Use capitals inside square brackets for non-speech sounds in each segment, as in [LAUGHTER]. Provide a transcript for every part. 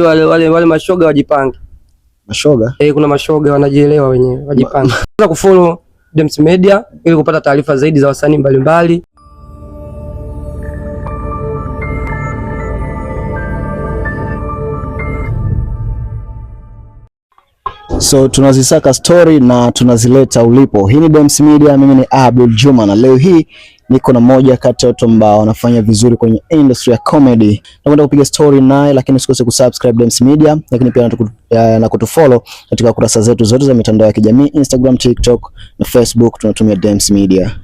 wale, wale, wale mashoga wajipange. Mashoga? Eh, kuna mashoga wanajielewa wenyewe, wajipange. Ma... kufollow Dems Media ili kupata taarifa zaidi za wasanii mbalimbali. So tunazisaka story na tunazileta ulipo. Hii ni Dems Media, mimi ni Abdul Juma na leo hii niko na moja kati ya watu ambao wanafanya vizuri kwenye industry ya comedy. Nakwenda kupiga story naye, lakini usikose kusubscribe Dems Media, lakini pia eh, na kutufollow katika kurasa zetu zote za mitandao ya kijamii Instagram, TikTok na Facebook tunatumia Dems Media.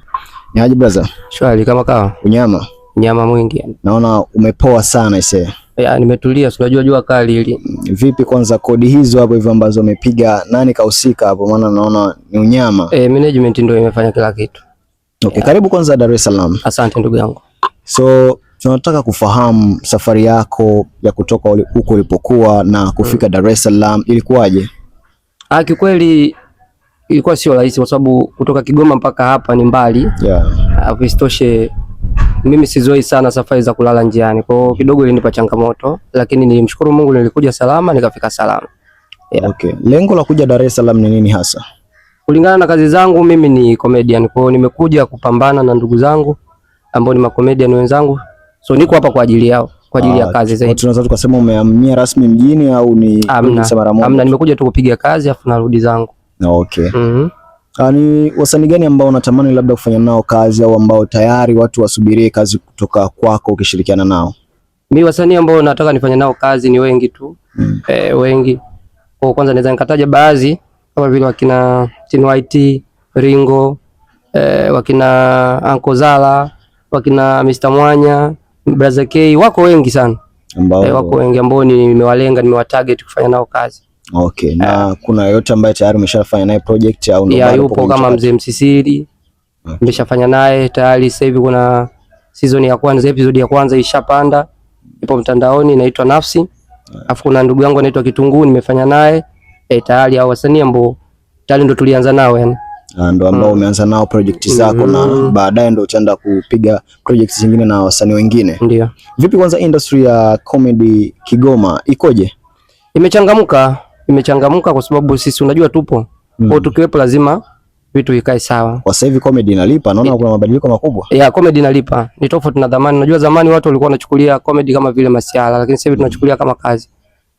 Ni aje brother? Shwari kama kawa. Unyama. Nyama mwingi. Naona umepoa sana ise. Ya, nimetulia unajua jua kali hili. Mm, vipi kwanza kodi hizo hapo hivyo ambazo umepiga nani kahusika hapo maana naona ni unyama. Eh, management ndio imefanya kila kitu. Okay, yeah. Karibu kwanza Dar es Salaam. Asante ndugu yangu. So tunataka kufahamu safari yako ya kutoka huko ulipokuwa na kufika mm. Dar es Salaam ilikuwaje? Ah, kikweli ilikuwa sio rahisi kwa sababu kutoka Kigoma mpaka hapa ni mbali. Yeah. Ah, isitoshe mimi sizoi sana safari za kulala njiani, kwa hiyo kidogo ilinipa changamoto, lakini nilimshukuru Mungu nilikuja salama nikafika salama. Yeah. Okay. Lengo la kuja Dar es Salaam ni nini hasa? Kulingana na kazi zangu mimi ni comedian. Kwa hiyo nimekuja kupambana na ndugu zangu ambao ni makomedian wenzangu. So niko hapa kwa ajili yao, kwa ajili ya ah, kazi zaidi. Tunaweza tukasema umehamia rasmi mjini au ni mara moja? Amna, nimekuja tu kupiga kazi afu narudi zangu. Okay. Mm -hmm. Ni wasanii gani ambao unatamani labda kufanya nao kazi au ambao tayari watu wasubirie kazi kutoka kwako ukishirikiana nao? Mi wasanii ambao nataka nifanye nao kazi ni wengi tu. Mm. E, wengi. Kwa kwanza naweza nikataja baadhi kama vile wakina Tin White, Ringo eh, wakina Anko Zala, wakina Mr Mwanya, Brother K, wako wengi sana eh, wako wengi ambao nimewalenga, nimewatarget kufanya nao kazi. Okay, na uh, kuna yote ambaye tayari umeshafanya naye project au ndio? Yeah, yupo kama mzee Msisiri nimeshafanya okay, naye tayari. Sasa hivi kuna season ya kwanza, episode ya kwanza ishapanda, ipo mtandaoni, inaitwa Nafsi. Alafu kuna ndugu yangu anaitwa Kitunguu nimefanya naye eh, tayari au wasanii ambao tayari ndo tulianza nao yani ah, ndo ambao mm. umeanza nao project zako mm. na baadaye ndo utaenda kupiga project zingine na wasanii wengine. Ndio. Vipi kwanza industry ya comedy Kigoma ikoje? Imechangamka, imechangamka kwa sababu sisi unajua tupo. Mm. Kwa tukiwepo lazima vitu vikae sawa. Kwa sasa hivi comedy inalipa, naona kuna mabadiliko makubwa. Yeah, comedy inalipa. Ni tofauti na zamani. Unajua zamani watu walikuwa wanachukulia comedy kama vile masiala, lakini sasa hivi tunachukulia kama kazi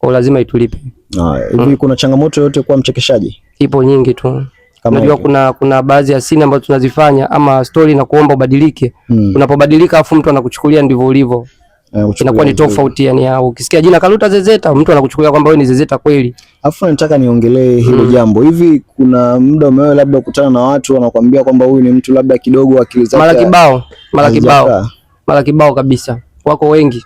kwa lazima itulipe. Ah, hivi mm. kuna changamoto yote kwa mchekeshaji? Ipo nyingi tu. Unajua kuna kuna baadhi ya sini ambazo tunazifanya ama story na kuomba ubadilike. Mm. Unapobadilika afu mtu anakuchukulia ndivyo ulivyo. Eh, inakuwa ni tofauti yani, au ukisikia jina Kaluta Zezeta mtu anakuchukulia kwamba wewe ni Zezeta kweli. Afu nataka niongelee hilo mm. jambo hivi, kuna muda umewahi labda kukutana na watu wanakuambia kwamba huyu ni mtu labda kidogo akili zake mara kibao mara kibao mara kibao kabisa, wako wengi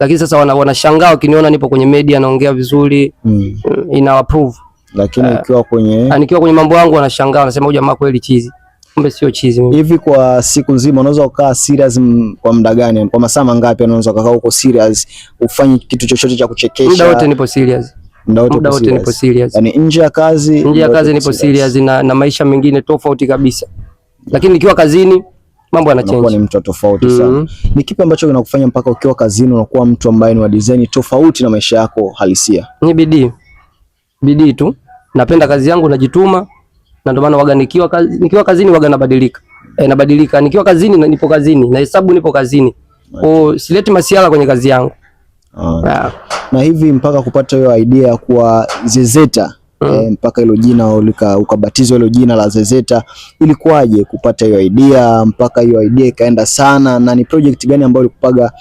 lakini sasa wanashangaa wana, wanashangaa wakiniona nipo kwenye media naongea vizuri mm. mm ina approve lakini ukiwa eh. kwenye ah, nikiwa kwenye mambo yangu wanashangaa, wanasema huyu jamaa kweli chizi, kumbe sio chizi. Hivi kwa siku nzima unaweza ukaa serious kwa muda gani? Kwa masaa mangapi unaweza ukakaa uko serious ufanye kitu chochote cha kuchekesha? Muda wote nipo serious, muda wote nipo serious, yani nje ya kazi, nje ya kazi nipo serious na, na maisha mengine tofauti kabisa, lakini nikiwa kazini mambo yanachange, ni mtu tofauti mm -hmm. sana. Ni kipi ambacho kinakufanya mpaka ukiwa kazini unakuwa mtu ambaye ni wa design tofauti na maisha yako halisia? Ni bidii, bidii tu. Napenda kazi yangu, najituma na ndio maana waga nikiwa kazi, nikiwa kazini waga nabadilika e, nabadilika nikiwa kazini, nipo kazini na hesabu, nipo kazini o, oh, sileti masiala kwenye kazi yangu. Ah. ah. Na hivi mpaka kupata hiyo idea ya kuwa zezeta mm. E, mpaka hilo jina ukabatizwa hilo jina la Zezeta, ilikuwaje kupata hiyo idea mpaka hiyo idea ikaenda sana, na ni project gani ambayo ilikupaga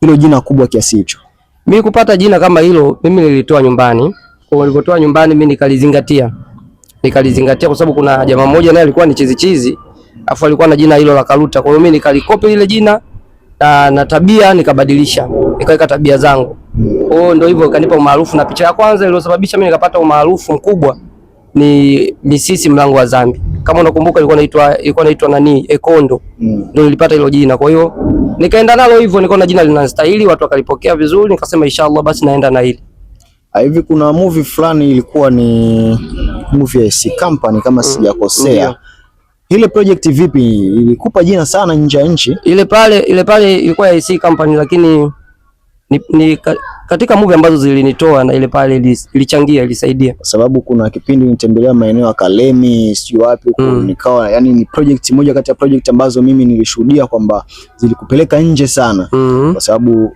hilo jina kubwa kiasi hicho? Mimi kupata jina kama hilo, mimi nilitoa nyumbani. Kwa nilipotoa nyumbani, mimi nikalizingatia nikalizingatia, kwa sababu kuna jamaa mmoja naye alikuwa ni chizi chizi, afu alikuwa na jina hilo la Karuta. Kwa hiyo mimi nikalikopi lile jina na, na tabia nikabadilisha nikaweka tabia zangu. Kwa hiyo ndio hivyo kanipa umaarufu, na picha ya kwanza iliyosababisha mimi nikapata umaarufu mkubwa ni Misisi Mlango wa Zambi. Kama unakumbuka ilikuwa inaitwa ilikuwa inaitwa nani? Ekondo. Mm. Ndio nilipata hilo jina. Kwa hiyo nikaenda nalo hivyo, nikaona jina linastahili, watu wakalipokea vizuri, nikasema inshallah basi naenda na hili. Ah, hivi kuna movie fulani ilikuwa ni movie ya SC Company kama mm, sijakosea. Mm, ile project vipi? Ilikupa jina sana nje ya nchi? Ile pale ile pale ilikuwa ya SC Company lakini ni, ni katika movie ambazo zilinitoa na ile pale ilichangia ilisaidia, kwa sababu kuna kipindi nitembelea maeneo ya Kalemi sio wapi huko mm. Nikawa yani ni project moja kati ya project ambazo mimi nilishuhudia kwamba zilikupeleka nje sana mm -hmm. kwa sababu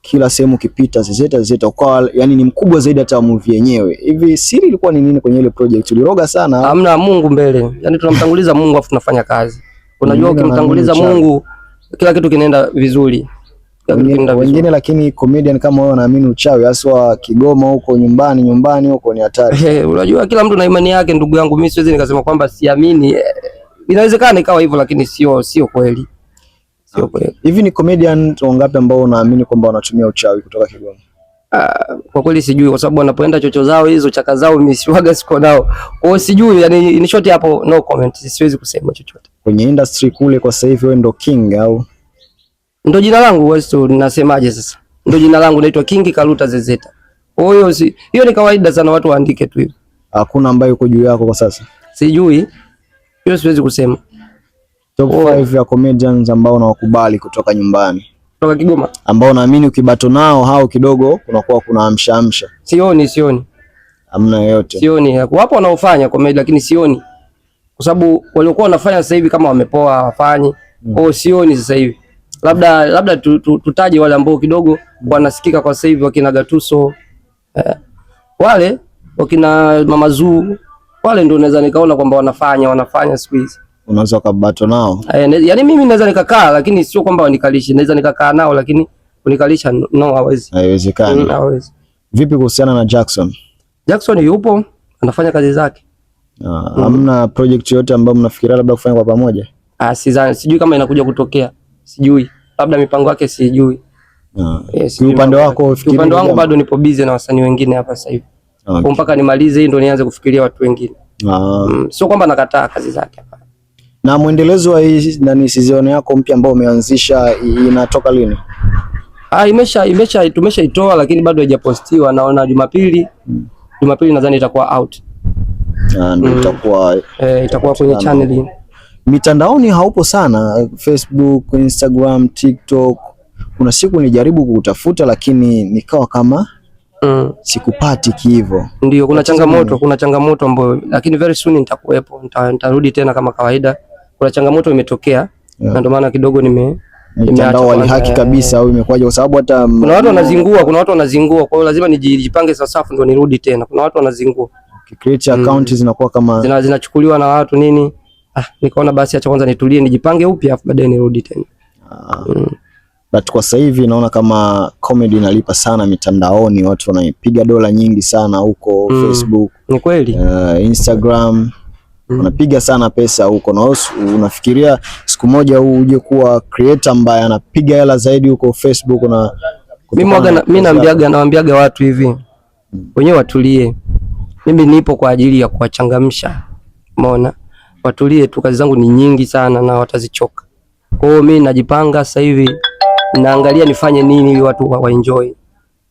kila sehemu kipita zizeta zizeta kwa yani ni mkubwa zaidi hata movie yenyewe. Hivi siri ilikuwa ni nini kwenye ile project? Uliroga sana? Hamna, Mungu mbele, yani tunamtanguliza Mungu afu tunafanya kazi. Unajua, ukimtanguliza Mungu kila kitu kinaenda vizuri wengine, lakini comedian kama wewe wanaamini uchawi haswa Kigoma huko nyumbani, nyumbani huko ni hatari. unajua kila mtu na imani yake ndugu yangu, mimi siwezi nikasema kwamba siamini. inawezekana ikawa hivyo, lakini sio sio kweli, sio ah, kweli. Hivi ni comedian wangapi ambao unaamini kwamba wanatumia uchawi kutoka Kigoma? Ah, kwa kweli sijui, kwa sababu wanapoenda chocho zao hizo chaka zao mimi siwaga siko nao. Kwa hiyo sijui, yani ni short hapo no comment, siwezi kusema chochote. Kwenye industry kule kwa sasa hivi wewe ndo king au ndio jina langu Westo, ninasemaje sasa? Ndio jina langu naitwa Kingi Kaluta Zezeta. Hiyo si hiyo ni kawaida sana watu waandike tu hiyo. Hakuna ambaye yuko juu yako kwa sasa. Sijui. Hiyo siwezi kusema. Top 5 ya comedians ambao unawakubali kutoka nyumbani. Kutoka Kigoma. Ambao naamini ukibato nao hao kidogo unakuwa kuna amsha amsha. Sioni, sioni. Hamna yote. Sioni. Wapo wanaofanya comedy lakini sioni. Kwa sababu waliokuwa wanafanya sasa hivi kama wamepoa hawafanyi. Mm. Oh, sioni sasa hivi labda labda tutaje wale ambao kidogo wanasikika kwa sasa hivi, wakina Gatuso eh, wale wakina Mama Zuu wale ndio naweza nikaona kwamba wanafanya wanafanya siku hizi unaweza kabato nao eh, ne, yani mimi naweza nikakaa, lakini sio kwamba wanikalishe. Naweza nikakaa nao, lakini kunikalisha no, hawezi, haiwezekani. Mm, hawezi. Vipi kuhusiana na Jackson? Jackson yupo anafanya kazi zake. Ah, hamna ah, mm. project yote ambayo mnafikiria labda kufanya kwa pamoja? Ah, sidhani, sijui kama inakuja kutokea sijui, labda mipango yake sijui. Yes, ah, eh, upande wako upande wangu bado nipo busy na wasanii wengine hapa sasa hivi. Ah, okay. Mpaka nimalize hii ndo nianze kufikiria watu wengine. Ah. Mm, sio kwamba nakataa kazi zake. Na mwendelezo wa hii nani season yako mpya ambayo umeanzisha inatoka lini? Ah, imesha imesha tumeshaitoa lakini bado haijapostiwa. Naona Jumapili. Mm. Jumapili nadhani itakuwa out. Na ndio hmm. itakuwa mm, eh, itakuwa kwenye channel hii mitandaoni haupo sana, Facebook, Instagram, TikTok. Kuna siku nilijaribu kutafuta lakini nikawa kama mm. sikupati kivo. Ndio, kuna changamoto, kuna changamoto ambayo, lakini very soon nitakuwepo, nitarudi tena kama kawaida. Kuna changamoto imetokea yeah. na ndio maana kidogo nime mtandao walihaki kabisa au imekwaje? Kwa sababu hata kuna watu wanazingua, kuna watu wanazingua, kwa hiyo lazima nijipange safu ndio nirudi tena. Kuna watu wanazingua, create account mm. zinakuwa kama zinachukuliwa na watu nini ah, nikaona basi acha kwanza nitulie nijipange upya afu baadaye nirudi tena. Ah. Mm. But kwa sasa hivi naona kama comedy inalipa sana mitandaoni, watu wanaipiga dola nyingi sana huko mm. Facebook. Ni kweli. Uh, Instagram mm. wanapiga mm. sana pesa huko, na wewe unafikiria siku moja huu uje kuwa creator ambaye anapiga hela zaidi huko Facebook na mimi naambiaga nawaambiaga watu hivi mm. wenyewe watulie. Mimi nipo kwa ajili ya kuwachangamsha, umeona mm watulie tu, kazi zangu ni nyingi sana na watazichoka. Kwa hiyo mimi najipanga sasa hivi, naangalia nifanye nini ili watu wa enjoy.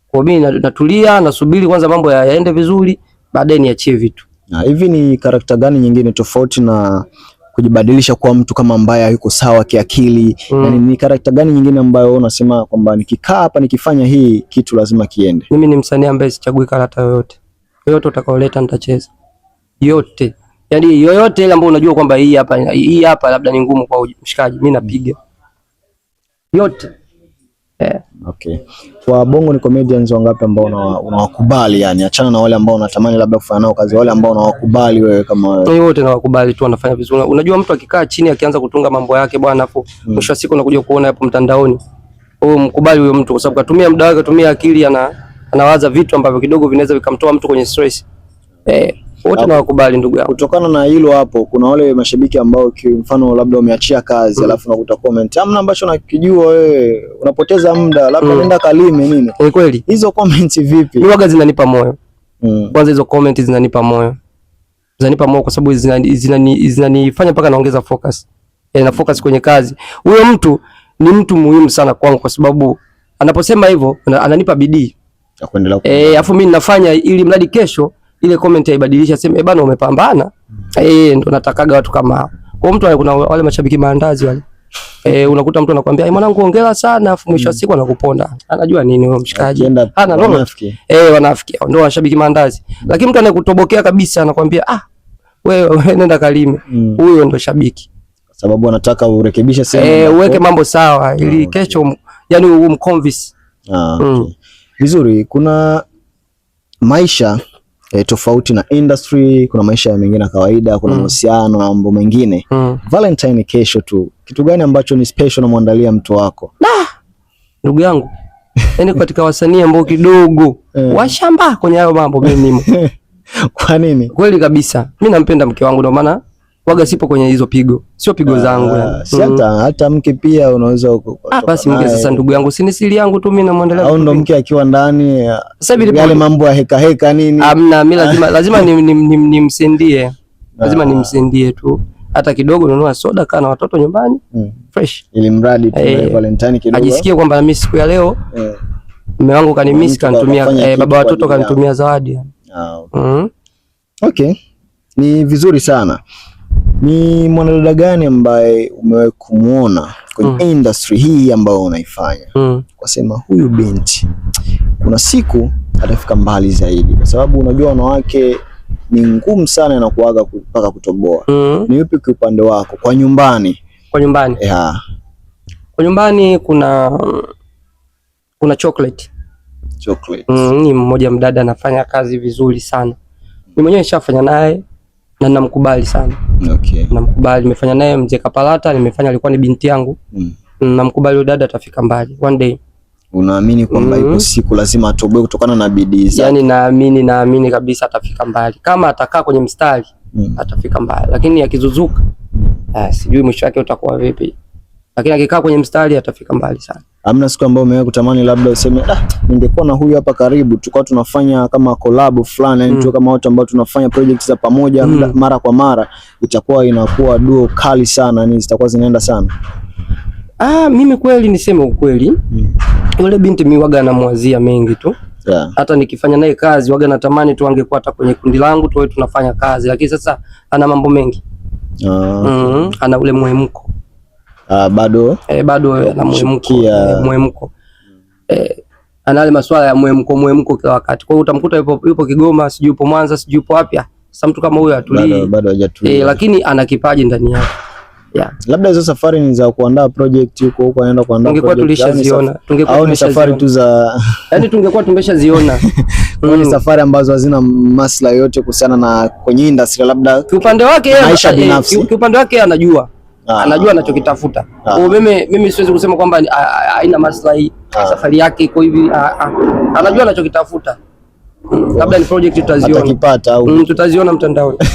Kwa hiyo mimi natulia, nasubiri kwanza mambo ya yaende vizuri, baadaye niachie vitu. Na hivi ni karakta gani nyingine tofauti na kujibadilisha kuwa mtu kama ambaye yuko sawa kiakili mm. Yani, ni karakta gani nyingine ambayo unasema kwamba nikikaa hapa nikifanya hii kitu lazima kiende? Mimi ni msanii ambaye sichagui karakta yoyote yote utakaoleta nitacheza yote yani yoyote ile ambayo unajua kwamba hii hapa hii hapa labda ni ngumu kwa mshikaji, mimi napiga yote yeah. Okay, kwa Bongo ni comedians wangapi ambao unawakubali yani, achana na wale ambao unatamani labda kufanya nao kazi, wale ambao unawakubali wewe kama wewe? Wote nawakubali tu, wanafanya vizuri. Unajua mtu akikaa chini akianza kutunga mambo yake bwana, afu hmm. mwisho wa siku unakuja kuona hapo mtandaoni, huyo oh, mkubali huyo mtu, kwa sababu katumia muda wake, tumia akili, ana anawaza vitu ambavyo kidogo vinaweza vikamtoa mtu kwenye stress eh wote na wakubali ndugu yangu. Kutokana na hilo hapo, kuna wale mashabiki ambao mfano labda wameachia kazi mm. alafu nakuta comment amna ambacho nakijua wewe, unapoteza muda labda mm. nenda kalime nini. Ni kweli hizo comment vipi? Ni waga zinanipa moyo mm. kwanza hizo comment zinanipa moyo zinanipa moyo kwa sababu zinanifanya zinani, zinani, mpaka naongeza focus e, na focus kwenye kazi. Huyo mtu ni mtu muhimu sana kwangu kwa sababu anaposema hivyo ananipa bidii ya kuendelea. Eh, afu mimi ninafanya ili mradi kesho ile comment aibadilisha, sema eh, bana, umepambana mm. eh, eh, ndo natakaga watu kama hao. Kwa mtu kuna wale mashabiki maandazi wale eh, unakuta mtu anakuambia eh, mwanangu, hongera sana, afu mwisho wa mm. siku anakuponda. Anajua nini wewe mshikaji, ana roho eh, wanafiki ndio washabiki maandazi. Mm. Lakini mtu anayekutobokea kabisa anakuambia ah, wewe we, nenda kalime huyo mm. ndo shabiki kwa sababu anataka urekebishe sehemu eh, uweke mambo sawa ah, ili okay. kesho um, yani umconvince ah, okay. mm. vizuri kuna maisha e, tofauti na industry, kuna maisha mengine ya kawaida, kuna mm. mahusiano mm. na mambo mengine mm. Valentine kesho tu, kitu gani ambacho ni special unamwandalia mtu wako? Ndugu yangu yani, katika wasanii ambao kidogo yeah. washamba kwenye hayo mambo mimi nimo. [LAUGHS] Kwa nini? Kweli kabisa, mi nampenda mke wangu ndio maana waga sipo kwenye hizo pigo, sio pigo ah, zangu. si mm. Hata mm. hata mke pia unaweza ah, basi mke. Sasa ndugu yangu, si ni siri yangu tu mimi namwandalia, au ndo mke akiwa ndani yale mambo ya heka heka nini? Amna, mimi lazima [LAUGHS] lazima nimsendie, lazima nimsendie ah. tu hata kidogo, nunua soda, kaa na watoto nyumbani mm. fresh, ili mradi tu hey. Eh. Eh, Valentine kidogo ajisikie kwamba mimi siku ya leo eh. mume wangu kanimiss kanitumia eh, baba watoto kanitumia zawadi. ah, Okay, mm. ni vizuri sana. Ni mwanadada gani ambaye umewahi kumwona kwenye mm. industry hii ambayo unaifanya mm. Ukasema huyu binti kuna siku atafika mbali zaidi, kwa sababu unajua wanawake ni ngumu sana na kuaga mpaka kutoboa mm. Ni yupi upande wako kwa nyumbani? Kwa nyumbani yeah. Kwa nyumbani kuna kuna chocolate chocolate. Mm, ni mmoja mdada anafanya kazi vizuri sana, ni mwenyewe nishafanya naye na namkubali sana. Okay. Namkubali, nimefanya naye mzee Kapalata, nimefanya alikuwa ni binti yangu. Mm. Namkubali dada atafika mbali one day. Unaamini kwamba mm -hmm. Ipo mm-hmm. siku lazima atoboe kutokana na bidii zake. Yaani naamini naamini kabisa atafika mbali kama atakaa kwenye mstari mm. Atafika mbali lakini akizuzuka, ah, sijui mwisho wake utakuwa vipi, lakini akikaa kwenye mstari atafika mbali sana amna siku ambayo umewahi kutamani labda useme ah, ningekuwa na huyu hapa karibu, tulikuwa tunafanya kama collab fulani, yani mm. tu kama watu ambao tunafanya project za pamoja mm. mara kwa mara, itakuwa inakuwa duo kali sana, ni zitakuwa zinaenda sana. Ah, mimi kweli niseme ukweli mm. yule binti mimi waga namwazia mengi tu yeah. hata nikifanya naye kazi waga natamani tu angekuwa hata kwenye kundi langu tuwe tunafanya kazi, lakini sasa ana mambo mengi ah. mm, ana ule muhemko uh, bado e, bado na mwemko ya... mwemko eh, e, anale masuala ya mwemko mwemko kila wakati. Kwa hiyo utamkuta yupo, yupo Kigoma, sijui yupo Mwanza, sijui yupo wapi. Sasa mtu kama huyo atulii bado, bado hajatulii e, eh, lakini ana kipaji ndani yake. Yeah. Labda hizo safari ni za kuandaa project huko huko anaenda kuandaa tungekuwa tulishaziona yaani tungekuwa au ni safari tu za [LAUGHS] Yaani tungekuwa tumeshaziona [LAUGHS] mm. Ni safari ambazo hazina maslahi yote kuhusiana na kwenye industry labda kiupande wake yeye binafsi. kiupande wake anajua Ah. anajua anachokitafuta. Ah. Mimi mimi siwezi kusema kwamba ah, haina maslahi safari yake iko hivi, anajua anachokitafuta. Hmm, labda ni project tutaziona, atakipata au hmm, tutaziona mtandaoni. [LAUGHS]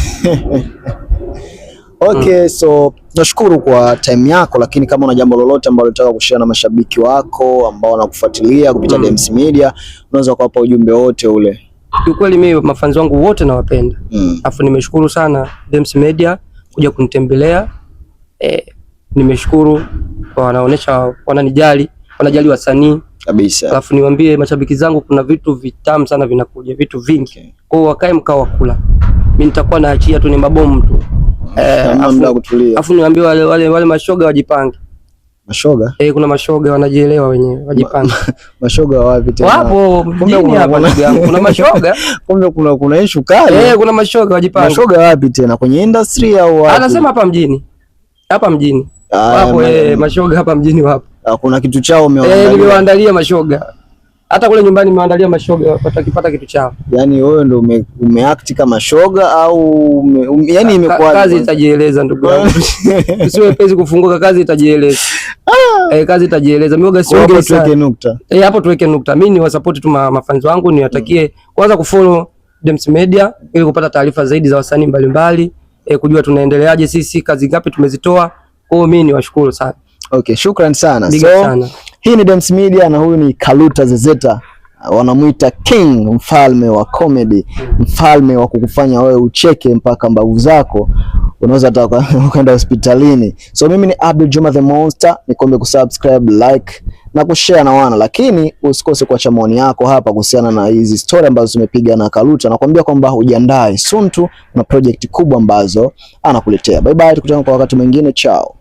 Hmm. Okay, mm. So nashukuru kwa time yako, lakini kama una jambo lolote ambalo unataka kushare na mashabiki wako ambao wanakufuatilia kupitia mm. Dems Media unaweza kuwapa ujumbe wote ule. Kiukweli mimi mafanzi wangu wote nawapenda, alafu mm. nimeshukuru sana Dems Media kuja kunitembelea eh, nimeshukuru wanaonesha, wananijali, wanajali wasanii kabisa. Alafu niwaambie mashabiki zangu, kuna vitu vitamu sana vinakuja, vitu vingi okay. Kwao wakae mkao wa kula, mimi nitakuwa naachia tu ni mabomu tu eh, Alafu niwaambie wale, wale, wale mashoga wajipange Mashoga? Eh, kuna mashoga wanajielewa wenyewe, wajipange. Ma, [LAUGHS] Mashoga wapi tena? Wapo mjini hapa ndugu yangu. Kuna [LAUGHS] mashoga. Kumbe kuna kuna issue kali. Eh, kuna mashoga wajipange. Mashoga wapi tena? Kwenye industry au wapi? Anasema hapa mjini hapa mjini wapo, eh, mashoga hapa mjini wapo. Ah, kuna kitu chao umeandaa? Eh, nimewaandalia mashoga hata kule nyumbani nimeandalia mashoga watakipata kitu chao. Yani wewe ndio ume, umeact kama shoga au ume, um, yani imekuwa ka, kazi itajieleza ndugu yangu. [LAUGHS] [LAUGHS] sio pezi kufunguka, kazi itajieleza. Ah. Eh, kazi itajieleza. Mioga sio hapo tuweke nukta. Eh, hapo tuweke nukta. Mimi ni wasupport tu mafanzi wangu niwatakie mm. Kwanza kufollow Dems Media ili kupata taarifa zaidi za wasanii mbalimbali e, kujua tunaendeleaje sisi, kazi ngapi tumezitoa. Kwa hiyo mimi niwashukuru sana. Okay, shukrani sana. So, sana. Hii ni Dems Media na huyu ni Kaluta Zezeta uh, wanamwita King, mfalme wa comedy, mfalme wa kukufanya wewe ucheke mpaka mbavu zako unaweza hata [LAUGHS] ukaenda hospitalini. So mimi ni Abdul Juma the Monster, nikombe kusubscribe, like na kushare na wana, lakini usikose kuacha maoni yako hapa kuhusiana na hizi story ambazo tumepiga na Kaluta. Nakwambia kwamba ujiandae, soon tu na project kubwa ambazo anakuletea. Bye bye, tukutane kwa wakati mwingine, chao.